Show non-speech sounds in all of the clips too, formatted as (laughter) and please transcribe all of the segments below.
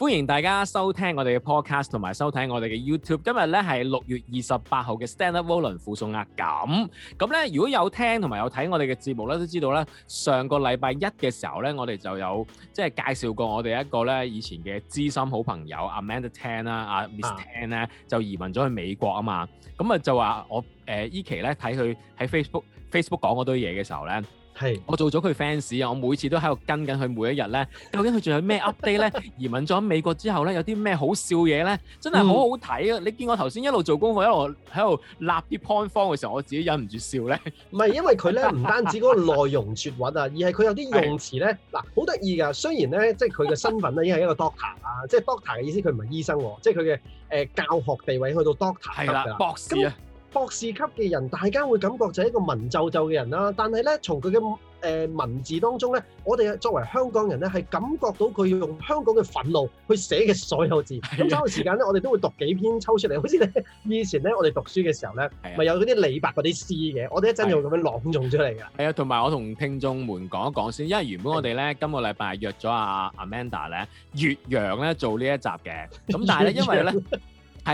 歡迎大家收聽我哋嘅 podcast 同埋收睇我哋嘅 YouTube。今日咧係六月二十八號嘅 Standard Volume 附送壓、啊、感。咁咧，如果有聽同埋有睇我哋嘅節目咧，都知道咧上個禮拜一嘅時候咧，我哋就有即係、就是、介紹過我哋一個咧以前嘅知心好朋友 Amanda Tann 啦、嗯，阿、啊、Miss Tann 咧就移民咗去美國啊嘛。咁啊就話我誒呢、呃、期咧睇佢喺 Facebook Facebook 講嗰堆嘢嘅時候咧。係，我做咗佢 fans 啊！我每次都喺度跟緊佢每一日咧，究竟佢仲有咩 update 咧？移民咗美國之後咧，有啲咩好笑嘢咧？真係好好睇啊！嗯、你見我頭先一路做功課，一路喺度立啲 point form 嘅時候，我自己忍唔住笑咧。唔係，因為佢咧唔單止嗰個內容絕穩啊，而係佢有啲用詞咧，嗱，好得意㗎。雖然咧，即係佢嘅身份咧已經係一個 doctor 啊，即係 doctor 嘅意思，佢唔係醫生喎，即係佢嘅誒教學地位去到 doctor 係啦，博士啊。博士級嘅人，大家會感覺就係一個文縐縐嘅人啦。但係咧，從佢嘅誒文字當中咧，我哋作為香港人咧，係感覺到佢要用香港嘅憤怒去寫嘅所有字。咁抽到時間咧，我哋都會讀幾篇抽出嚟，好似咧以前咧我哋讀書嘅時候咧，咪是的 有嗰啲李白嗰啲詩嘅。我哋一陣又咁樣朗誦出嚟嘅。係啊，同埋我同聽眾們講一講先，因為原本我哋咧是的 今個禮拜約咗阿 Amanda 咧，月陽咧做呢一集嘅。咁但係咧，因為咧。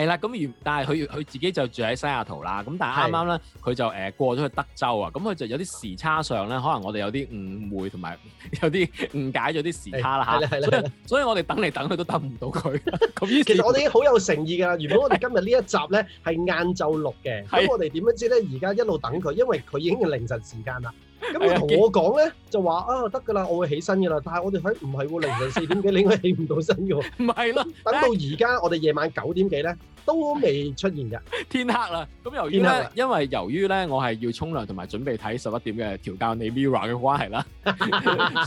係啦，咁如但係佢佢自己就住喺西雅圖啦，咁但係啱啱咧佢就誒過咗去德州啊，咁佢的就有啲時差上咧，可能我哋有啲誤會同埋有啲誤解咗啲時差啦嚇以，所以我哋等嚟等去都等唔到佢。咁 (laughs) 於是 其實我哋已經好有誠意噶啦，如果我哋今日呢一集咧係晏晝錄嘅，咁的我哋點樣知咧？而家一路等佢，因為佢已經係凌晨時間啦。咁佢同我講咧，就話啊得噶啦，我會起身噶啦。但係我哋喺唔係喎，凌晨四點幾， (laughs) 你應該起唔到身嘅喎。唔係咯， (laughs) 等到而家 (laughs) 我哋夜晚九點幾咧，都未出現嘅。天黑啦。咁由於咧，因為由於咧，我係要沖涼同埋準備睇十一點嘅調教你 Mirror 嘅關係啦，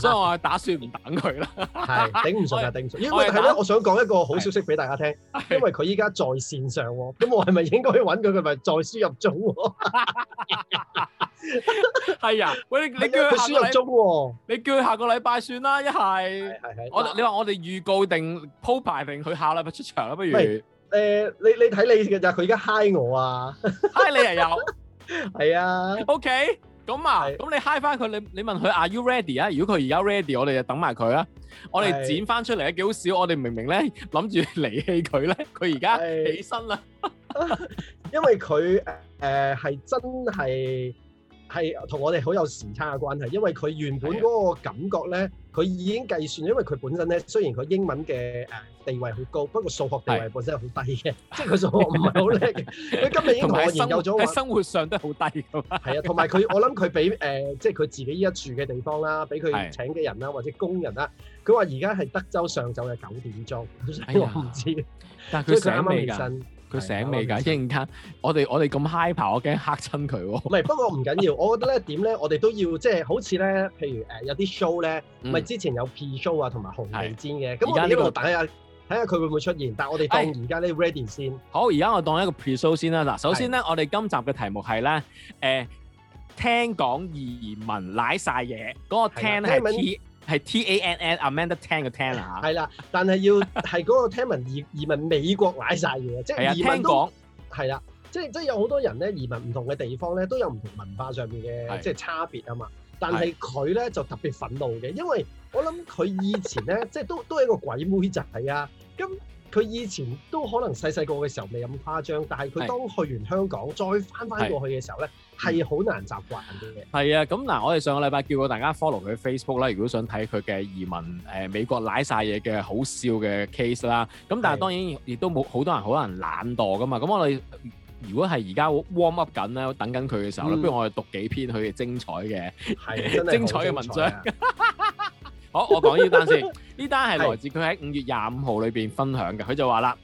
(laughs) 所以我打算唔等佢啦。係， (laughs) (laughs) 頂唔順啊，頂唔順。因為係咧，我想講一個好消息俾大家聽， (laughs) 因為佢依家在線上喎。咁 (laughs) 我係咪應該揾佢？佢咪再輸入中喎？ (laughs) .係 (laughs) (laughs) 啊，喂，你叫佢輸入中，你叫佢下個禮拜算啦，一係係係我你話我哋預告定鋪排定佢下禮拜出場啦，不如？誒、呃，你你睇你嘅就係，佢而家嗨我啊嗨你又有。係啊？OK，咁啊、咁、okay？啊、是你嗨翻佢，你你問佢 Are you ready 啊？如果佢而家 ready，我哋就等埋佢啊。是我哋剪翻出嚟咧，幾好笑。我哋明明咧諗住離棄佢咧，佢而家起身啦。 (laughs) (laughs) 因為佢誒誒係真係。係同我哋好有時差嘅關係，因為佢原本嗰個感覺咧，佢的已經計算，因為佢本身咧雖然佢英文嘅誒地位好高，不過數學地位本身係好低嘅，即係佢數學唔係好叻嘅。佢 (laughs) 今日已經同我研究咗話。生活，生活上都好低咁。係 (laughs) 啊，同埋佢我諗佢俾誒，即係佢自己依家住嘅地方啦，俾佢請嘅人啦，的或者工人啦，佢話而家係德州上晝嘅九點鐘，佢話唔知，但是所佢阿媽未瞓。 (laughs) 佢醒未㗎？一陣間，我哋我哋咁 high 跑，我驚嚇親佢喎。唔係，不過唔緊要，我覺得咧點咧，我哋都要即係好似咧，譬如誒有啲 show 咧，咪之前有 pre show 啊，同埋紅地毯嘅，咁我依度睇下睇下佢會唔會出現，但係我哋當而家呢 ready 先。好，而家我當一個 pre show 先啦。嗱，首先咧，我哋今集嘅題目係咧，誒聽講移民瀨哂嘢，嗰個聽係 Tann。係 T A N N Amanda Tang 嘅 Tann 啦嚇，係啦，但係要係嗰個聽聞移移民美國瀨晒嘢，即係移民都係啦， (laughs) 即係即係有好多人咧移民唔同嘅地方咧都有唔同文化上面嘅的即係差別啊嘛，但係佢咧就特別憤怒嘅，因為我諗佢以前咧 (laughs) 即係都都係一個鬼妹仔啊，咁佢以前都可能細細個嘅時候未咁誇張，但係佢當去完香港的再翻翻過去嘅時候咧。係好難習慣嘅嘢。係啊，咁嗱，我哋上個禮拜叫過大家 follow 佢 Facebook 啦，如果想睇佢嘅移民誒、呃、美國瀨晒嘢嘅好笑嘅 case 啦。咁但係當然亦都冇好多人，好多人懶惰噶嘛。咁我哋如果係而家 warm up 緊咧，等緊佢嘅時候咧，嗯、不如我哋讀幾篇佢嘅精彩嘅係精彩嘅文章。 (laughs) (laughs) 好，我講呢單先。呢 (laughs) 單係來自佢喺五月廿五號裏邊分享嘅。佢就話啦：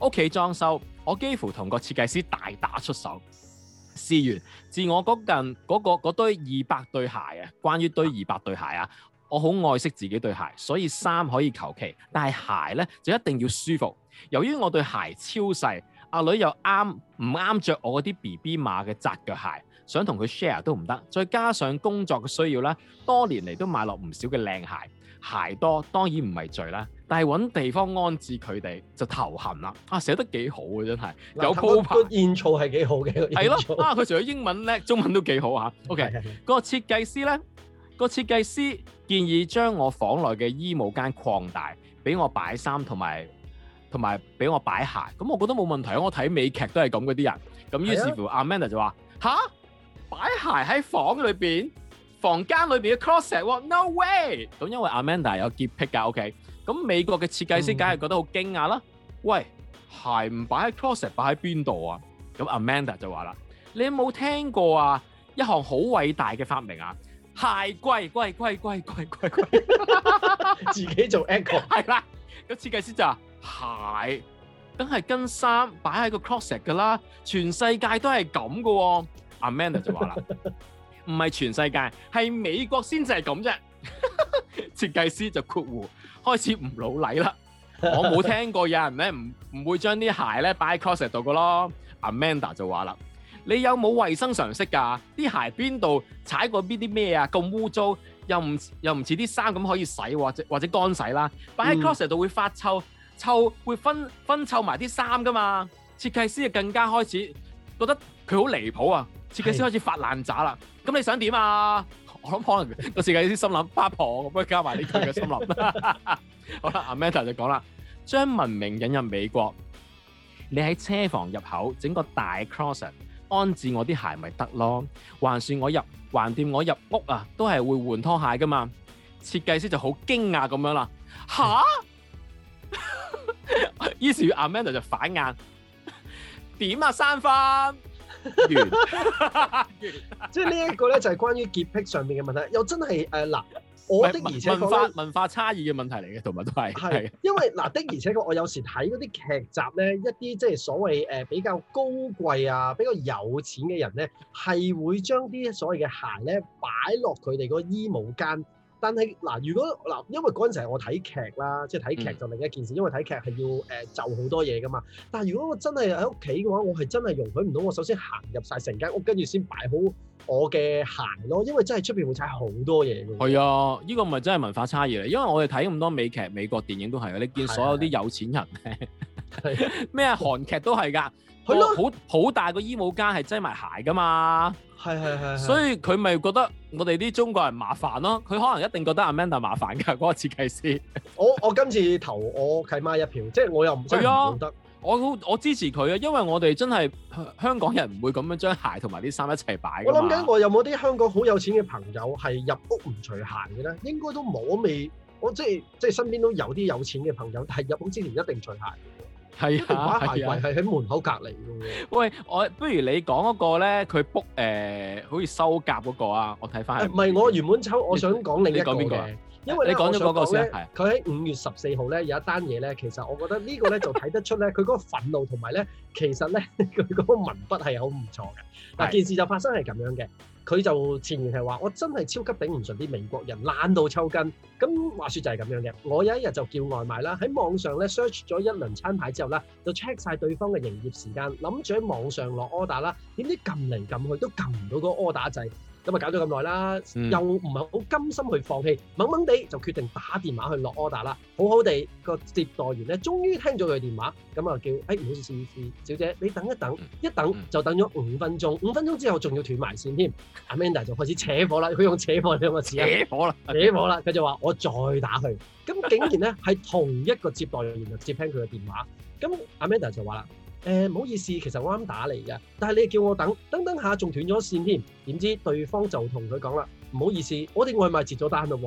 屋企 (coughs) 裝修，我幾乎同個設計師大打出手。試完自我嗰近嗰、嗰個嗰堆二百對鞋啊，關於堆二百對鞋啊，我好愛惜自己對鞋，所以衫可以求其，但係鞋咧就一定要舒服。由於我對鞋超細，阿女又啱唔啱着我啲 B B 碼嘅窄腳鞋，想同佢 share 都唔得。再加上工作嘅需要啦，多年嚟都買落唔少嘅靚鞋，鞋多當然唔係罪啦。但係揾地方安置佢哋就頭痕啦！啊，寫得幾好嘅真係，啊、有鋪排，言措係幾好嘅，係咯的。哇、啊，佢除咗英文叻， (laughs) 中文都幾好嚇。 (laughs) OK， (laughs) 個設計師咧，個設計師建議將我房內嘅衣帽間擴大，俾我擺衫同埋同埋俾我擺鞋。咁我覺得冇問題，我睇美劇都係咁嗰啲人。咁於是乎，Amanda 就話：嚇、啊，擺鞋喺房裏邊，房間裏邊嘅 closet 喎，no way！咁因為 Amanda 有潔癖㗎，OK。咁美國嘅設計師梗係覺得好驚訝啦、啊！喂，鞋唔擺喺 crossbody 擺喺邊度啊？咁 Amanda 就話啦：你有冇聽過啊？一項好偉大嘅發明啊！鞋貴貴貴貴貴貴貴， (laughs) (laughs) 自己做 anchor 係啦。咁設計師就話：鞋梗係跟衫擺喺個 crossbody 噶啦，全世界都係咁噶喎。Amanda 就話啦：唔係 (laughs) 全世界，係美國先至係咁啫。 (laughs) 設計師就括弧開始唔老禮啦， (laughs) 我冇聽過有人咧唔唔會將啲鞋咧擺喺 closet 度噶咯。Amanda 就話啦：你有冇衞生常識㗎？啲鞋邊度踩過邊啲咩啊？咁污糟，又唔又唔似啲衫咁可以洗或者或者乾洗啦，擺喺 closet 度會發臭，嗯、臭會分分臭埋啲衫㗎嘛。設計師就更加開始覺得佢好離譜啊！設計師開始發爛渣啦，咁是你想點啊？我可能婆婆，個設計師心諗八婆咁樣，加埋呢句嘅心諗。 (laughs) (laughs) 好啦，阿 Manda 就講啦，將文明引入美國，你喺車房入口整個大 cross 安置我啲鞋咪得咯？還算我入，橫掂我入屋啊，都係會換拖鞋噶嘛？設計師就好驚訝咁樣啦，吓、啊！於 (laughs) (laughs) 是與阿 Manda 就反眼，點啊，三分。即係呢一個咧，就係關於潔癖上面嘅問題，又真係誒嗱，我的而且確，文化文化差異嘅問題嚟嘅，同埋都係係 (laughs) ，因為嗱的而且確，我有時睇嗰啲劇集咧，一啲即係所謂誒、呃、比較高貴啊，比較有錢嘅人咧，係會將啲所謂嘅鞋咧擺落佢哋個衣帽間。但係嗱，如果嗱，因為嗰陣時係我睇劇啦，即係睇劇就另一件事，嗯、因為睇劇係要誒、呃、就好多嘢噶嘛。但係如果我真係喺屋企嘅話，我係真係容許唔到我首先行入晒成間屋，跟住先擺好我嘅鞋咯。因為真係出邊會踩好多嘢嘅。係啊，依、呢個唔係真係文化差異嚟，因為我哋睇咁多美劇、美國電影都係嘅，你見所有啲有錢人咩啊 (laughs) 韓劇都係㗎。佢都好好大個衣帽間，係擠埋鞋噶嘛，係係係，所以佢咪覺得我哋啲中國人麻煩咯。佢可能一定覺得阿 Manda 麻煩噶，嗰、嗰個設計師我。我我今次投我契媽一票， (laughs) 即係我又唔得、啊，我我支持佢啊，因為我哋真係香港人唔會咁樣將鞋同埋啲衫一齊擺。我諗緊我有冇啲香港好有錢嘅朋友係入屋唔除鞋嘅咧？應該都冇，我未，我即係即係身邊都有啲有錢嘅朋友，但係入屋之前一定除鞋。係啊，把鞋櫃係喺門口隔籬嘅喂，我不如你講嗰個咧，佢 book 誒，好似收甲嗰個啊，我睇翻。唔係、呃，我原本抽，我想講另一個嘢，你你講邊個啊？因為咧，你講咗嗰個先我想講咧，佢喺五月十四號咧有一單嘢咧，其實我覺得個呢個咧就睇得出咧，佢嗰 (laughs) 個憤怒同埋咧，其實咧佢嗰個文筆係好唔錯嘅。嗱的，件事就發生係咁樣嘅。佢就前言係話：我真係超級頂唔順啲美國人，懶到抽筋。咁話說就係咁樣嘅，我有一日就叫外賣啦，喺網上咧 search 咗一輪餐牌之後咧，就 check 晒對方嘅營業時間，諗住喺網上落 order 啦，點知撳嚟撳去都撳唔到個 order 掣。咁啊搞咗咁耐啦，又唔係好甘心去放棄，懵懵地就決定打電話去落 order 啦。好好地，個接待員咧，終於聽咗佢電話，咁啊叫誒唔好意思，小姐你等一等，一等就等咗五分鐘，五分鐘之後仲要斷埋線添。Amanda 就開始扯火啦，佢用扯火兩個字啊，扯火啦，扯火啦，佢就話我再打佢。」咁竟然咧係 (laughs) 同一個接待員就接聽佢嘅電話，咁 Amanda 就話啦。誒唔好意思，其實我啱打嚟嘅，但係你叫我等，等等下仲斷咗線添，點知對方就同佢講啦，唔好意思，我哋外賣截咗單啦啊。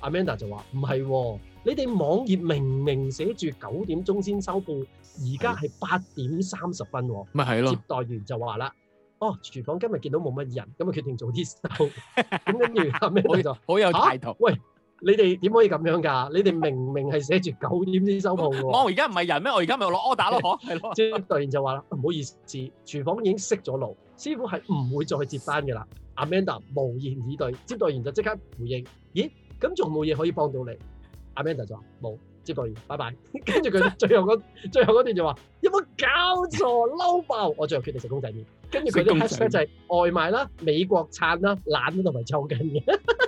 阿 Manda 就話唔係喎，你哋網頁明明寫住九點鐘先收鋪，而家係八點三十分啊，咁咪係咯。接待員就話啦，哦，廚房今日見到冇乜人，咁啊決定做啲手，咁跟住後屘就好，好有態度啊，喂。你哋點可以咁樣噶？你哋明明係寫住九點先收鋪喎，哦。我而家唔係人咩？我而家咪攞 order 咯，係咯了。即係接待員就話啦：唔好意思，廚房已經熄咗爐，師傅係唔會再接單嘅啦。Amanda 無言以對，接待員就即刻回應：咦，咁仲冇嘢可以幫到你？Amanda 就話冇，接待員拜拜。跟住佢最後嗰最後段就話：有冇搞錯？嬲爆！ (laughs) 我最後決定食公仔麵。跟住佢啲 catchphrase 就係，是，外賣啦，美國餐啦，懶同埋抽筋嘅。 (laughs)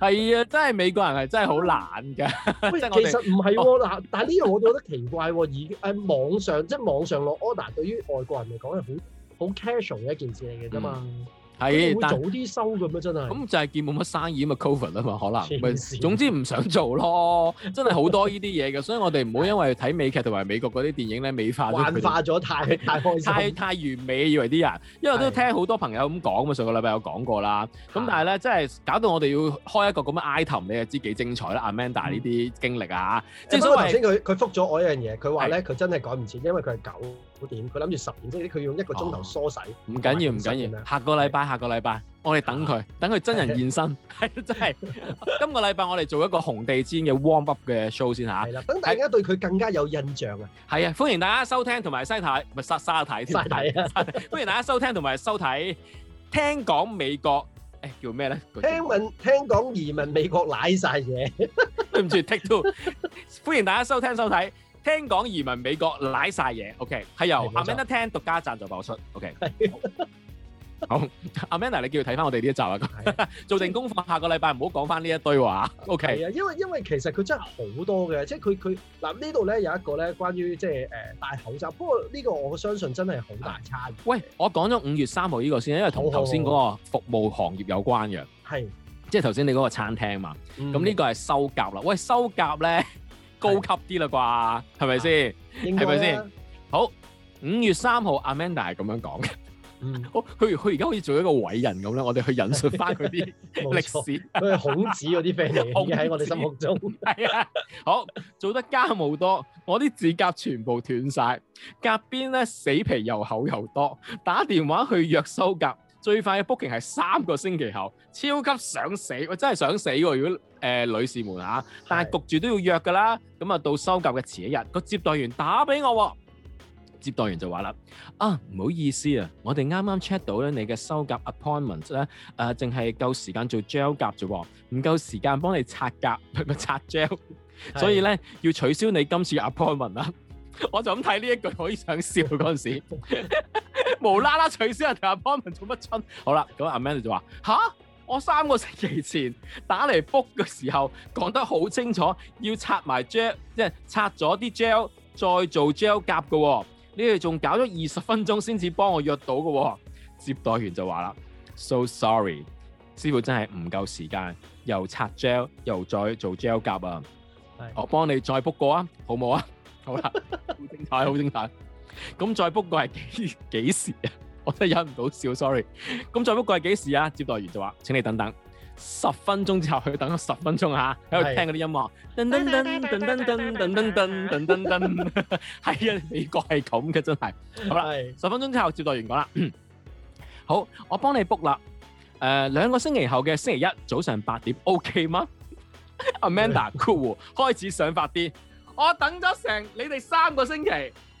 係啊，真係美國人係真係好懶㗎。喂 (laughs) 其實唔係喎，嗱， (laughs) 但係呢樣我都覺得奇怪喎。而喺網上，即係網上落 order，對於外國人嚟講係好好 casual 嘅一件事嚟嘅㗎嘛。嗯係，但早啲收嘅咩？真係咁就係見冇乜生意咁啊 COVID 啊嘛，可能。總之唔想做咯，真係好多呢啲嘢嘅，所以我哋唔好因為睇美劇同埋美國嗰啲電影咧美化咗化咗太太太太完美，以為啲人，因為都聽好多朋友咁講嘛，上個禮拜有講過啦。咁但係咧，真係搞到我哋要開一個咁嘅 item，你就知幾精彩啦 Amanda 呢啲經歷啊，即係所以頭先佢佢覆咗我一樣嘢，佢話咧佢真係趕唔切，因為佢係九點，佢諗住十點先，佢用一個鐘頭梳洗。唔緊要，唔緊要，下個禮拜。下個禮拜我哋等佢，等佢真人現身，係真係。今個禮拜我哋做一個紅地氈嘅 warm up 嘅 show 先吓，等大家對佢更加有印象啊！係啊，歡迎大家收聽同埋西太咪沙沙睇，沙睇啊！歡迎大家收聽同埋收睇聽講美國誒，叫咩咧？聽聞聽講移民美國瀨晒嘢，對唔住 take two，歡迎大家收聽收睇聽講移民美國瀨晒嘢。OK，係由阿 Manda Tann 獨家贊助播出。OK。好，阿 Manda，你叫佢睇翻我哋呢一集啊！ (laughs) 做定功課，以下個禮拜唔好講翻呢一堆話。O K。係啊，okay 因為因為其實佢真係好多嘅，即係佢佢嗱呢度咧有一個咧關於即係誒戴口罩，不過呢個我相信真係好大差。喂，我講咗五月三號呢個先，因為同頭先嗰個服務行業有關嘅。係，即係頭先你嗰個餐廳嘛，咁呢、啊、個係收夾啦。喂，收夾咧高級啲啦啩？係咪先？係咪先？好，五月三號，阿 Manda 係咁樣講嘅。嗯、好，佢佢而家好似做一個偉人咁咧，我哋去引述翻佢啲歷史。佢係 (laughs) 錯 (laughs) 孔子嗰啲 friend，孔子喺我哋心目中係 (laughs) 啊。好，做得家務多，我啲指甲全部斷晒。甲邊咧死皮又厚又多。打電話去約修甲，最快嘅 booking 係三個星期後，超級想死，我真係想死喎！如果誒女士們吓、啊，但係焗住都要約㗎啦。咁啊是，到修甲嘅前一日，個接待員打俾我。接待員就話啦：啊，唔好意思啊，我哋啱啱 check 到咧，你嘅修甲 appointment 咧，誒，淨係夠時間做 gel 甲啫，唔夠時間幫你拆甲兩個拆 gel，所以咧要取消你今次 appointment 啊！我就咁睇呢一句，已經想笑嗰陣時，無啦啦取消個 appointment 做乜春？好啦，咁阿 man 就話：吓，我三個星期前打嚟 book 嘅時候，講得好清楚，要拆埋 gel，即係拆咗啲 gel 再做 gel 甲噶。你哋仲搞咗二十分鐘先至幫我約到嘅。哦、接待員就話啦：So sorry，師傅真係唔夠時間，又拆 gel 又再做 gel 夾啊！的我幫你再 book 過啊，好唔好啊？好啦，好精彩，好精彩！咁 (laughs) 再 book 過係幾幾時啊？我真係忍唔到笑，sorry。咁再 book 過係幾時啊？接待員就話：請你等等。十分鐘之後佢等咗十分鐘吓，喺度聽嗰啲音樂。噔噔噔噔噔噔噔噔噔噔噔，係啊，美國係咁嘅真係。好啦，十分鐘之後接待員講啦，好，我幫你 book 啦。誒，兩個星期後嘅星期一早上八點，OK 嗎？Amanda，cool，開始想發啲。我等咗成你哋三個星期，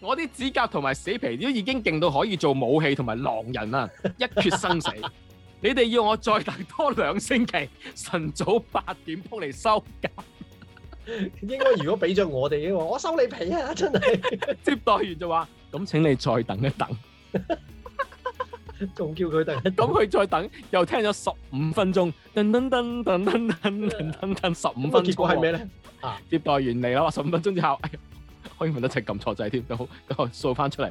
我啲指甲同埋死皮都已經勁到可以做武器同埋狼人啦，一決生死。你哋要我再等多兩星期，晨早八點鐘嚟收假。應該如果俾咗我哋嘅話，我收你皮啊！真係接待員就話：，咁請你再等一等，仲叫佢等，咁佢再等，又聽咗十五分鐘，噔噔噔噔噔噔噔噔，十五分，結果係咩咧？啊，接待員嚟啦，話十五分鐘之後。好興奮得一齊撳錯掣添，好，都掃翻出嚟，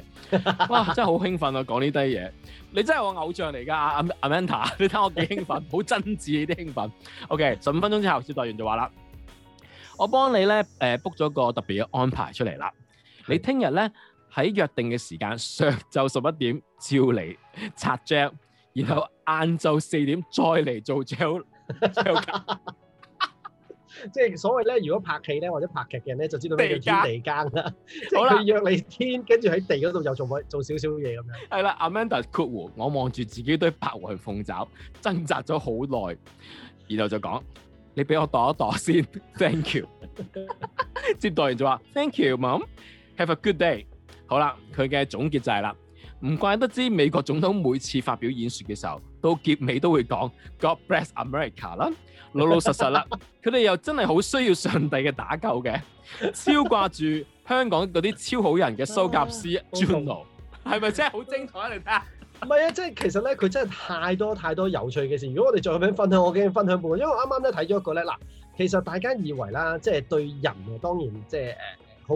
哇，真係好興奮啊！講呢堆嘢，你真係我偶像嚟噶，阿阿 Manta，你睇我幾興奮，好 (laughs) 真摯啲興奮。O K，十五分鐘之後，接待員就話啦，我幫你咧，誒，book 咗個特別嘅安排出嚟啦。是你聽日咧喺約定嘅時間，上晝十一點照嚟拆帳，然後晏晝四點再嚟做帳，哈哈哈。即係所謂咧，如果拍戲咧或者拍劇嘅人咧，就知道咩叫天地間啦。家即係佢約你天，跟住喺地嗰度又做做少少嘢咁樣。係啦，Amanda 括弧，我望住自己堆白雲鳳爪，掙扎咗好耐，然後就講：你俾我度一度先，Thank you。 (laughs) 接待完就話：Thank you，Mum，have a good day 好。好啦，佢嘅總結就係、是、啦，唔怪得知美國總統每次發表演説嘅時候。到結尾都會講 God bless America 啦，老老實實啦，佢哋又真係好需要上帝嘅打救嘅，超掛住香港嗰啲超好人嘅蘇格斯 Juno 係咪真係好精彩啊？你睇下，唔係啊，即係其實咧，佢真係太多太多有趣嘅事。如果我哋再咁分享，我驚分享半個，因為啱啱咧睇咗一個咧嗱，其實大家以為啦，即係對人嘅當然即係誒。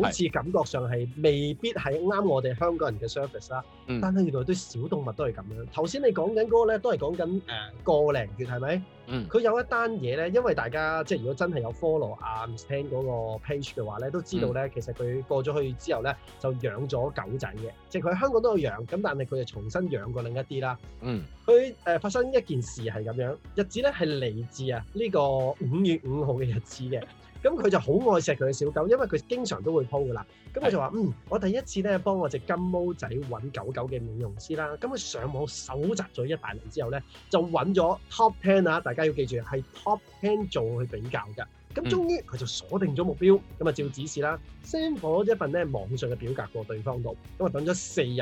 好似感覺上係未必係啱我哋香港人嘅 service 啦，嗯、但係原來啲小動物都係咁樣。頭先你講緊嗰咧都係講緊誒過零月係咪？嗯。佢有一單嘢咧，因為大家即係如果真係有 follow 阿、啊、Tann 嗰個 page 嘅話咧，都知道咧、嗯、其實佢過咗去之後咧就養咗狗仔嘅，即係佢喺香港都有養，咁但係佢就重新養過另一啲啦。嗯。佢誒、呃、發生一件事係咁樣，日子咧係嚟自啊呢個五月五號嘅日子嘅。咁佢就好愛錫佢嘅小狗，因為佢經常都會 po 㗎啦。咁佢的就話：嗯，我第一次咧幫我隻金毛仔揾狗狗嘅美容師啦。咁佢上網搜集咗一大輪之後咧，就揾咗 top ten 啊！大家要記住係 top ten 做去比較㗎。咁終於佢就鎖定咗目標，咁啊、嗯、照指示啦，send 咗一份咧網上嘅表格過對方度。咁啊等咗四日。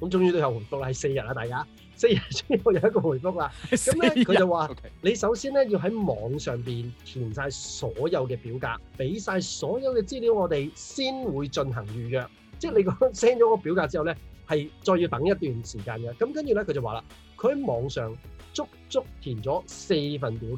咁終於都有回覆啦，係四日啦，大家四日終於我有一個回覆啦。咁咧佢就話：Okay. 你首先咧要喺網上邊填晒所有嘅表格，俾晒所有嘅資料，我哋先會進行預約。 (noise) 即係你個 send 咗個表格之後咧，係再要等一段時間嘅。咁跟住咧佢就話啦：佢喺網上足足填咗四份表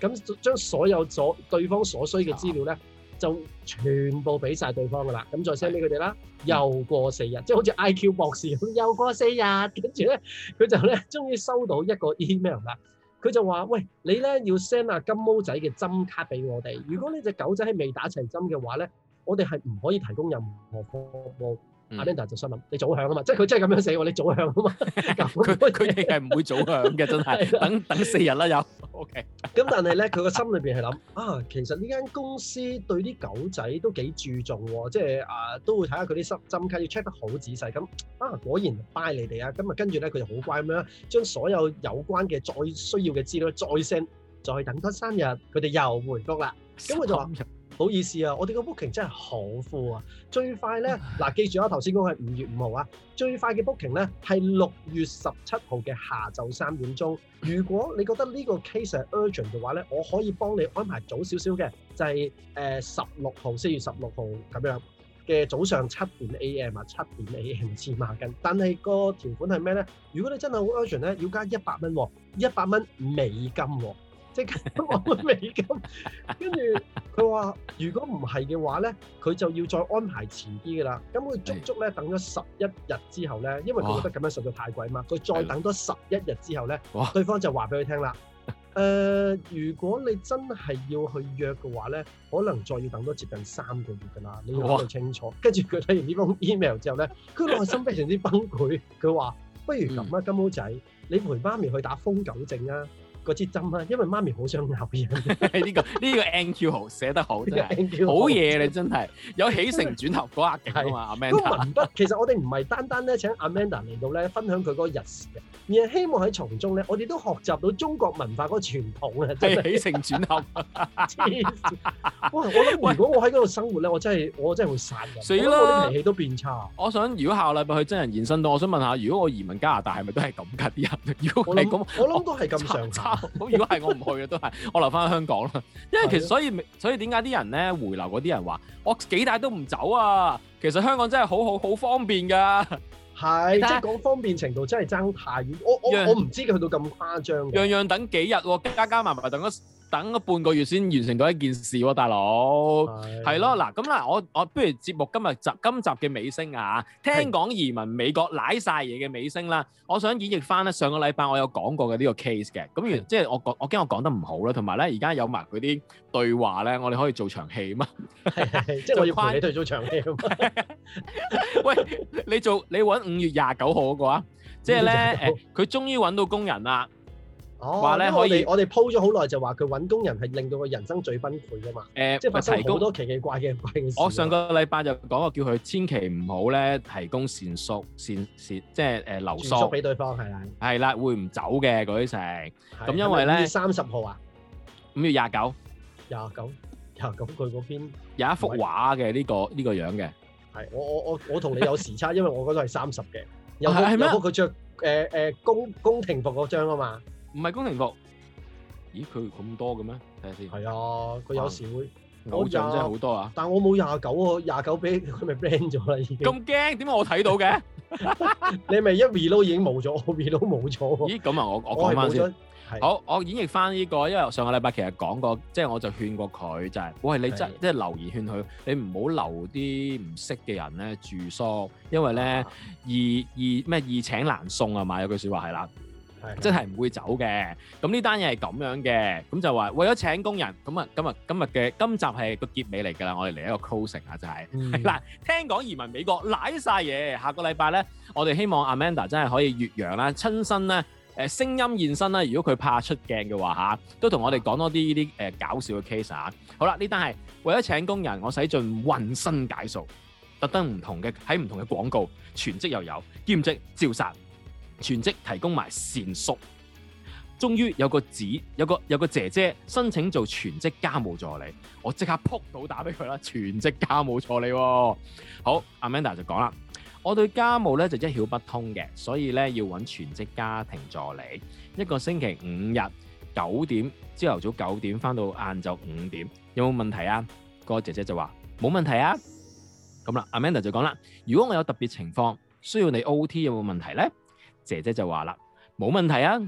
格，咁將所有所對方所需嘅資料咧。 (noise) 就全部俾晒對方噶啦，咁再 send 俾佢哋啦。又過四日，即係好似 IQ 博士咁，又過四日，跟住咧佢就咧終於收到一個 email 啦。佢就話：喂，你咧要 send 啊金毛仔嘅針卡俾我哋。如果呢隻狗仔係未打齊針嘅話咧，我哋係唔可以提供任何服務。阿、嗯、Linda 就想問：你早響啊嘛？即係佢真係咁樣死喎！你早響啊嘛？佢佢哋係唔會早響嘅，真係 (laughs) 的等等四日啦又。OK，咁但係咧，佢個心裏邊係諗啊，其實呢間公司對啲狗仔都幾注重喎，即係啊，都會睇下佢啲濕針卡要 check 得好仔細。咁啊，果然拜你哋啊，咁啊，跟住咧，佢就好乖咁樣，將所有有關嘅再需要嘅資料再 send，再等多三日，佢哋又回覆啦。咁佢日就話。好意思啊，我哋個 booking 真係好富啊！最快咧，嗱唉、啊、記住啊，頭先講係五月五號啊，最快嘅 booking 咧係六月十七號嘅下晝三點鐘。如果你覺得呢個 case 係 urgent 嘅話咧，我可以幫你安排早少少嘅，就係誒十六號四月十六號咁樣嘅早上七點 AM 啊，七點 AM 至馬近。但係個條款係咩咧？如果你真係好 urgent 咧，要加一百蚊喎，一百蚊美金喎、哦。即係摸個尾咁，跟住佢話：如果唔係嘅話咧，佢就要再安排遲啲嘅啦。咁佢足足咧等咗十一日之後咧，因為佢覺得咁樣實在太貴嘛。佢哇再等多十一日之後咧，哇對方就話俾佢聽啦：誒、呃，如果你真係要去約嘅話咧，可能再要等多接近三個月㗎啦。你要清楚。跟住佢睇完呢封 email 之後咧，佢內心非常之崩潰。佢話：不如咁啊，嗯、金毛仔，你陪媽咪去打瘋狗症啊！嗰支針啦，因為媽咪好想咬人。係呢個呢個 NQ 好寫得好，真係好嘢，你真係有起承轉合嗰下嘅嘛。阿 Manda，其實我哋唔係單單咧請阿 Manda 嚟到咧分享佢嗰個日時嘅，而係希望喺從中咧，我哋都學習到中國文化嗰個傳統啊！真係起承轉合。哇！我諗如果我喺嗰度生活咧，我真係我真係會殺人。死啦！啲脾氣都變差。我想如果下禮拜去真人現身到，我想問下，如果我移民加拿大係咪都係咁㗎啲人？如果係咁，我諗都係咁上。咁 (laughs) 如果係我唔去嘅都係，我留翻香港啦。因為其實所以的所以點解啲人咧回流嗰啲人話，我幾大都唔走啊。其實香港真係好好好方便㗎，係是看即係講方便程度真係爭太遠。我樣我我唔知佢去到咁誇張，樣樣等幾日、啊，加加埋埋等一。等咗半個月先完成到一件事喎、啊，大佬，係咯的，嗱咁啦，我我不如節目今日集今集嘅尾聲啊，聽講移民美國瀨哂嘢嘅尾聲啦，我想演繹翻咧上個禮拜我有講過嘅呢個 case 嘅，咁原的即係我講我驚我講得唔好啦，同埋咧而家有埋嗰啲對話咧，我哋可以做場戲啊嘛， (laughs) 即係我要翻你對做場戲啊喂，你做你揾五月廿九號嗰個啊，即係咧誒，佢終於揾到工人啦。話咧可以，我哋 po 咗好耐就話佢揾工人係令到個人生最崩潰噶嘛。誒，即係發生好多奇奇怪嘅怪事。我上個禮拜就講過叫佢千祈唔好咧提供膳宿膳宿，即係誒留宿俾對方係啦。係啦，會唔走嘅嗰啲成。咁因為咧，三十號啊，五月廿九，廿九，廿九，佢嗰邊有一幅畫嘅呢個呢個樣嘅。係，我我我我同你有時差，因為我嗰度係三十嘅。有幅有幅佢著誒誒宮宮廷服嗰張啊嘛。唔係工程局，咦？佢咁多嘅咩？睇下先。係啊，佢有時會，偶像真係好多啊！我20，但我冇廿九喎，廿九俾佢咪 ban 咗啦，已經。咁驚？點解我睇到嘅？ (laughs) 你咪一 reload 已經冇咗，我 reload 冇咗。咦？咁啊，我我講翻先。是好，我演繹翻呢個，因為我上個禮拜其實講過，即係我就勸過佢，就係喂你真即係是留言勸佢，你唔好留啲唔識嘅人咧住宿，因為咧二二咩易請難送啊嘛，有句説話係啦。真係唔會走嘅，咁呢單嘢係咁樣嘅，咁就話為咗請工人，咁啊，今日今日嘅今集係個結尾嚟㗎啦，我哋嚟一個 closing 啊，就係，嗱，聽講移民美國瀨哂嘢，下個禮拜咧，我哋希望阿 Manda 真係可以越洋啦，親身咧，誒聲音現身啦，如果佢怕出鏡嘅話嚇，都同我哋講多啲呢啲誒搞笑嘅 case 啊，好啦，呢單係為咗請工人，我使盡渾身解數，特登唔同嘅喺唔同嘅廣告，全職又有兼職照殺。全職提供埋膳宿，終於有個子有個有個姐姐申請做全職家務助理，我即刻撲到打俾佢啦！全職家務助理、哦，好，阿 Manda 就講啦，我對家務咧就一竅不通嘅，所以咧要揾全職家庭助理，一個星期五日九點朝頭早九點翻到晏晝五點，有冇問題啊？個姐姐就話冇問題啊，咁啦，阿 Manda 就講啦，如果我有特別情況需要你 OT，有冇問題咧？姐姐就話啦，冇問題啊。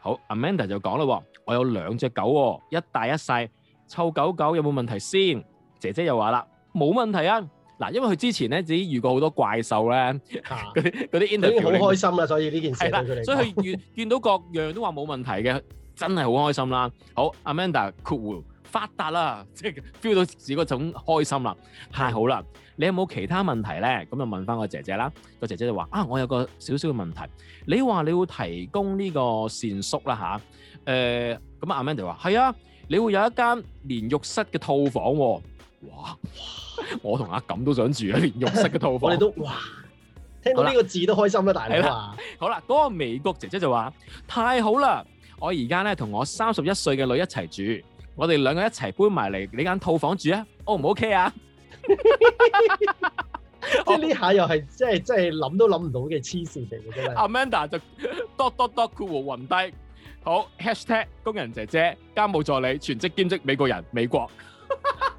好，Amanda 就講啦，我有兩隻狗、哦，一大一細，臭狗狗有冇問題先？姐姐又話啦，冇問題啊。嗱，因為佢之前咧自己遇過好多怪獸咧、啊，嗰啲嗰啲已經好開心啦、啊外，所以呢件事啦，所以佢見到各樣都話冇問題嘅，真係好開心啦、啊。好，Amanda cool，發達啦，即係 feel 到自己嗰種開心啦、啊，太好啦。你有冇其他問題咧？咁就問翻個姐姐啦。個姐姐就話：啊，我有個少少嘅問題。你話你要提供呢個膳宿啦吓，誒、啊，咁阿 Man 就話：係啊，你會有一間連浴室嘅套房喎、啊。哇，哇我同阿錦都想住啊，連浴室嘅套房。 (laughs) 我哋都哇，聽到呢個字都開心啊！大佬係好啦，嗰美國姐姐就話：太好啦！我而家咧同我三十一歲嘅女一齊住，我哋兩個一齊搬埋嚟你間套房住啊。O 唔 O K 啊？ (laughs) 即係呢下又係，即係即係諗都諗唔到嘅黐線嚟嘅真係。Amanda 就 dot dot dot 括弧，暈低。 (laughs) (laughs) (laughs) 好 #hashtag 工人姐姐家務助理全職兼職美國人美國。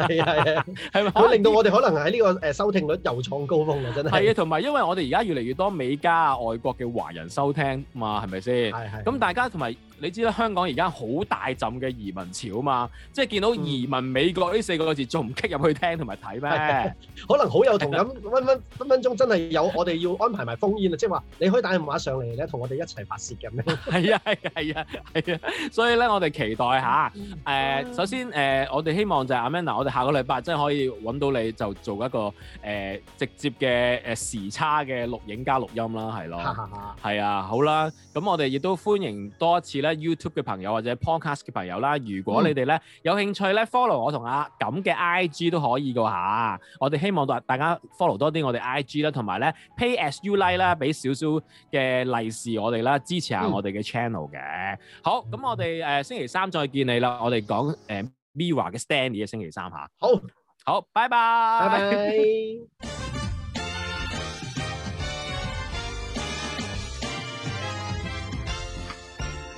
係啊，啊 (laughs) 吧，係佢 (laughs) 令到我哋可能喺呢個收聽率又創高峰啊！真係，係啊，同埋因為我哋而家越嚟越多美加啊、外國嘅華人收聽嘛，係咪先？係係的，咁大家同埋。你知啦，香港而家好大陣嘅移民潮啊嘛，即係見到移民美國呢四個字，仲唔 kick 入去聽同埋睇咩？可能好有同感，的分分分分鐘真係有我哋要安排埋烽煙啊！即係話你可以打電話上嚟咧，同我哋一齊發泄嘅咩？係啊，係啊，係啊，係啊！所以咧、呃呃，我哋期待嚇誒首先誒我哋希望就係阿 Manna 我哋下個禮拜真係可以揾到你就做一個誒、呃、直接嘅誒時差嘅錄影加錄音啦，係咯，係啊的，好啦，咁我哋亦都歡迎多一次咧。YouTube 嘅朋友或者 Podcast 嘅朋友啦，如果你哋咧、嗯、有興趣咧 follow 我同阿咁嘅 IG 都可以噶吓、啊，我哋希望都大家 follow 多啲我哋 IG 啦，同埋咧 pay as you like 啦，俾少少嘅利是我哋啦，支持下我哋嘅 channel 嘅。嗯、好，咁我哋誒、呃、星期三再見你啦，我哋講誒 Mirror 嘅 Stanley 星期三吓。好好，拜拜。拜拜 (laughs)